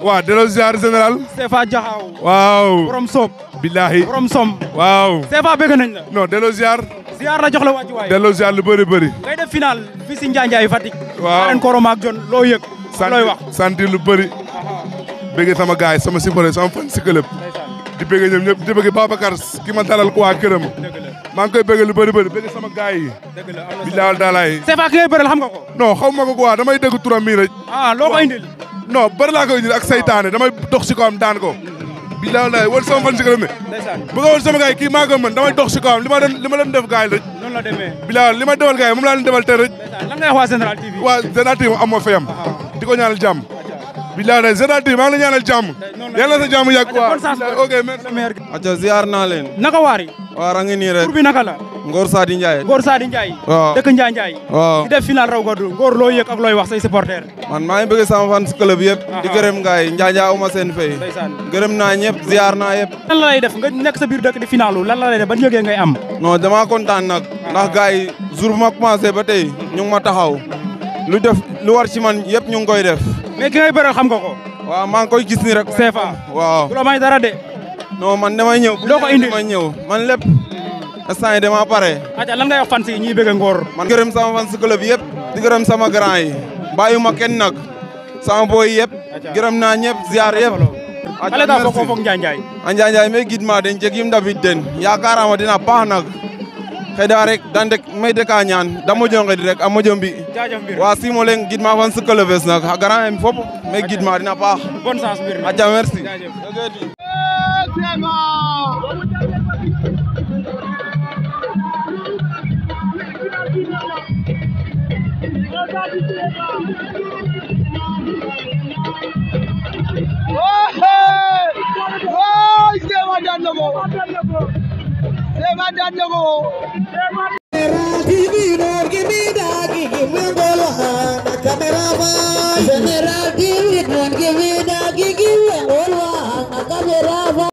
Wah, Delosiar General? général. Sefa Jaxaaw. waaw borom Sob. billahi borom Som. Wow. Sefa bëgg nañ la. non delloo ziar. ziar la jox la wàcc waay. delloo lu bëri bëri. ngay def final fii si Njaanjaay Fatick. Wow. ren Koroma ak John loo yëg. looy wax sant lu bëri. bëgg sama gaay sama supporter sama fan si club. di bëgg ñoom ñëpp di bëgg Babacar ki ma dalal ko waa këram. maa ngi koy bëgg lu bëri bëri bëgg sama gaay yi. dëgg la am na solo bilaay daalaay. Sefa ki ngay bëral xam nga ko. non xaw ko quoi damay dégg turam mii rek. ah lo koy indil non bëri laa koy indil ak saytaane damay dox si kawam daan ko. bi laaw laay wala fan si gërëm ne. bu ko woon kii maa ko damay dox si kawam li ma doon li ma doon def gars yi rek. noonu la demee. bi laaw li ma defal gars yi moom laa leen defal tey rek. lan ngay wax waa Général TV. waa Général TV am ma fayam. di ko ñaanal jàmm. bi laaw laay Général maa ngi la ñaanal jàmm. yàlla na sa jàmm yàgg. waaw ok merci. ziar naa leen. Ngor Sadi Ndiaye. Ngor Sadi Ndiaye. waaw dëkk Ndiaye Ndiaye. waaw di def final raw gaddu Ngor loo yëg ak looy wax say supporter. man maa ngi sama fans club yëpp. di gërëm gars yi Ndiaye Ndiaye uma seen fay. gërëm naa ñëpp ziar naa yëpp. lan def nga nekk sa biir dëkk di finalu lan la lay def ban yëgee ngay am. non damaa kontaan nag. ndax gars yi jour ma commencé ba tey ñu ngi ma taxaw. lu def lu war ci man yëpp ñu ngi koy def. mais ki ngay bëral xam nga ko. waaw maa ngi koy gis ni rek. CFA waaw. du la may dara de. non man damay ñëw. doo ko indi ñëw man lépp instant yi dama pare. atia gërëm sama fan si club yëpp. di gërëm sama grand yi. bàyyuma kenn nag. sama boy yëpp. gërëm naa ñëpp ziar yëpp. atia merci gid ah, ma den jeg yim ndabid den yaakaarama dina baax nag. xëy rek daan dek may dëkkaa ñaan da mojo rek a mojo waa simo gid ma fan si club es nag fop may gid ma dina baax bonne chance mbir waay Séema daan na ko Séema daan na ko Général TV